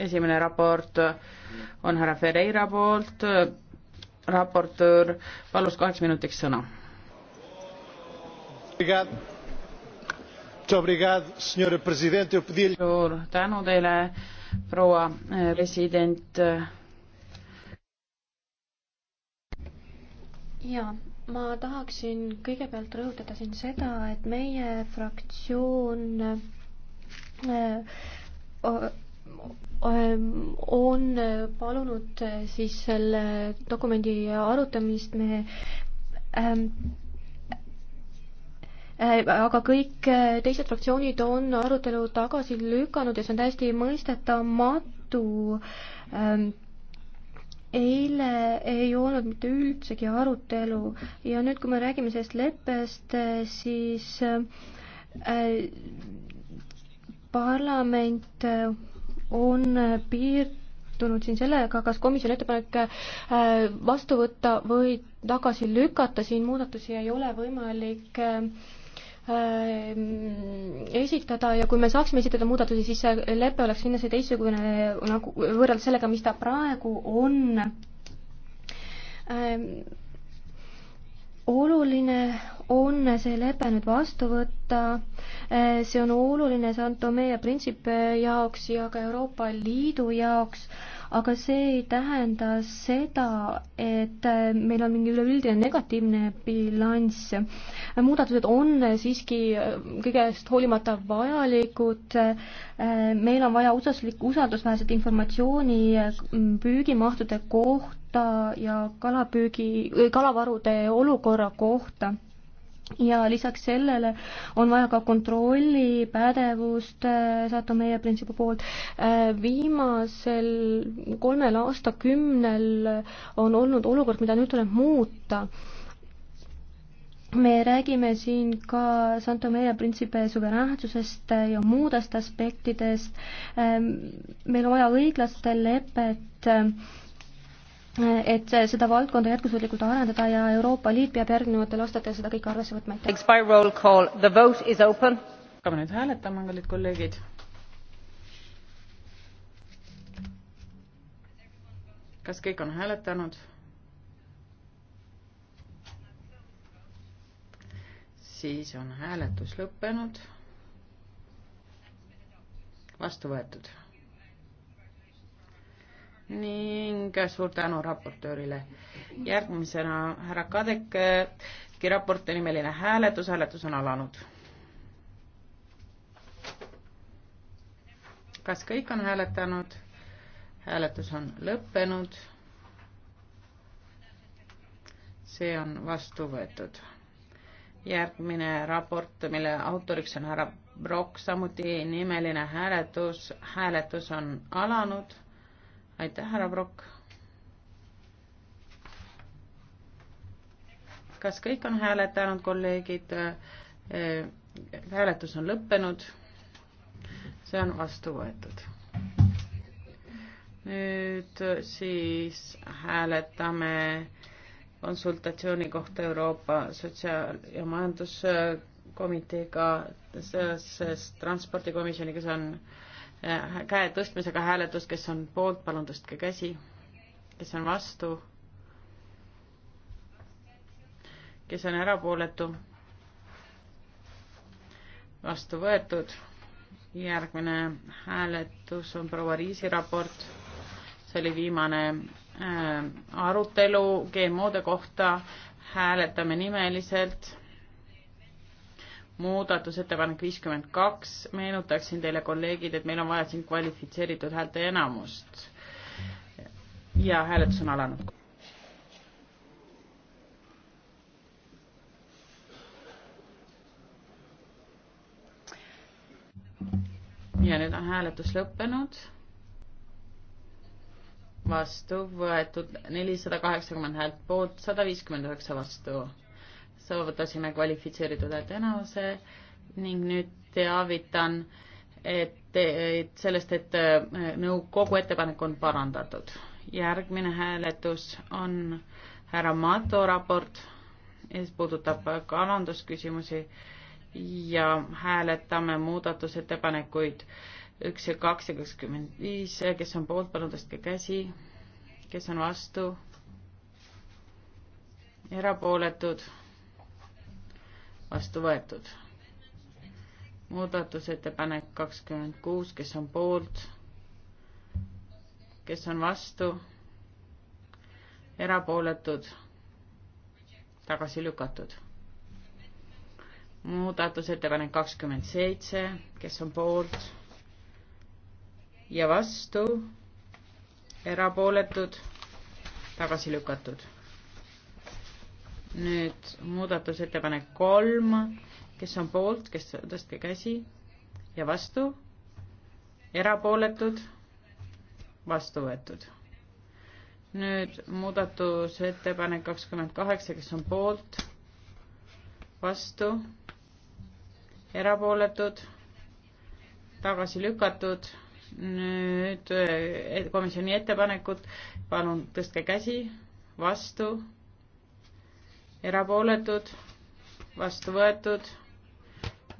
esimene raport on härra Ferreira poolt, raportöör palus kaheks minutiks sõna. suur tänu teile, proua eh, president. jaa, ma tahaksin kõigepealt rõhutada siin seda, et meie fraktsioon äh, Ehm, on eh, palunud eh, siis selle dokumendi arutamist, me ähm, aga kõik eh, teised fraktsioonid on arutelu tagasi lükanud ja see on täiesti mõistetamatu. Ehm, eile ei olnud mitte üldsegi arutelu ja nüüd, kui me räägime sellest leppest, siis parlament on piirdunud siin sellega, kas komisjoni ettepanek äh, vastu võtta või tagasi lükata, siin muudatusi ei ole võimalik äh, esitada ja kui me saaksime esitada muudatusi, siis see lepe oleks kindlasti teistsugune nagu võrreldes sellega, mis ta praegu on äh, oluline on see lepe nüüd vastu võtta, eh, see on oluline Santo Meie printsipe jaoks ja ka Euroopa Liidu jaoks aga see ei tähenda seda, et äh, meil on mingi üleüldine negatiivne bilanss. muudatused on siiski äh, kõigest hoolimata vajalikud. Äh, meil on vaja usalduslik, usaldusväärset informatsiooni püügimahtude kohta ja kalapüügi, kalavarude olukorra kohta ja lisaks sellele on vaja ka kontrollipädevust, äh, saata meie printsiibi poolt. Äh, viimasel kolmel aastakümnel on olnud olukord, mida nüüd tuleb muuta me räägime siin ka Santo Meie printsipe suveräänsusest ja muudest aspektidest. Äh, meil on vaja õiglast lepet et seda valdkonda jätkusuutlikult arendada ja Euroopa Liit peab järgnevatel aastatel seda kõike arvesse võtma, aitäh. hakkame nüüd hääletama, kallid kolleegid. kas kõik on hääletanud? siis on hääletus lõppenud. vastu võetud ning suur tänu raportöörile. järgmisena härra Kadek, raporti nimeline hääletus, hääletus on alanud. kas kõik on hääletanud? hääletus on lõppenud. see on vastu võetud. järgmine raport, mille autoriks on härra Brock, samuti nimeline hääletus, hääletus on alanud aitäh, härra Brock. kas kõik on hääletanud, kolleegid? Eh, hääletus on lõppenud. see on vastu võetud. nüüd siis hääletame konsultatsiooni kohta Euroopa Sotsiaal- ja Majanduskomiteega seoses transpordikomisjoniga, see on Äh, käe tõstmisega hääletus, kes on poolt, palun tõstke käsi. kes on vastu? kes on erapooletu? vastu võetud. järgmine hääletus on proua Riisi raport. see oli viimane äh, arutelu GMO-de kohta. hääletame nimeliselt muudatusettepanek viiskümmend kaks, meenutaksin teile, kolleegid, et meil on vaja siin kvalifitseeritud häälteenamust. ja hääletus on alanud. ja nüüd on hääletus lõppenud. vastu võetud nelisada kaheksakümmend häält poolt, sada viiskümmend üheksa vastu saavutasime kvalifitseeritud häälteenamuse ning nüüd teavitan, et, et sellest, et äh, nõukogu ettepanek on parandatud. järgmine hääletus on härra Mato raport, mis puudutab kalandusküsimusi ja hääletame muudatusettepanekuid üks ja kaks ja kakskümmend viis, kes on poolt, palun tõstke käsi, kes on vastu, erapooletud vastu võetud. muudatusettepanek kakskümmend kuus, kes on poolt, kes on vastu, erapooletud, tagasi lükatud. muudatusettepanek kakskümmend seitse, kes on poolt ja vastu, erapooletud, tagasi lükatud nüüd muudatusettepanek kolm, kes on poolt, kes, tõstke käsi ja vastu, erapooletud, vastu võetud. nüüd muudatusettepanek kakskümmend kaheksa, kes on poolt, vastu, erapooletud, tagasi lükatud, nüüd eh, komisjoni ettepanekut, palun tõstke käsi, vastu erapooletud, vastu võetud.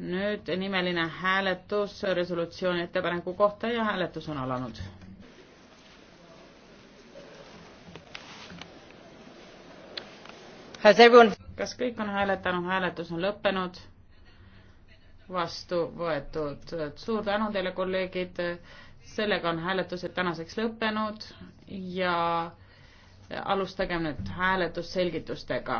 nüüd nimeline hääletus resolutsiooni ettepaneku kohta ja hääletus on alanud. kas kõik on hääletanud, hääletus on lõppenud? vastu võetud. suur tänu teile, kolleegid. sellega on hääletused tänaseks lõppenud ja alustagem nüüd hääletusselgitustega.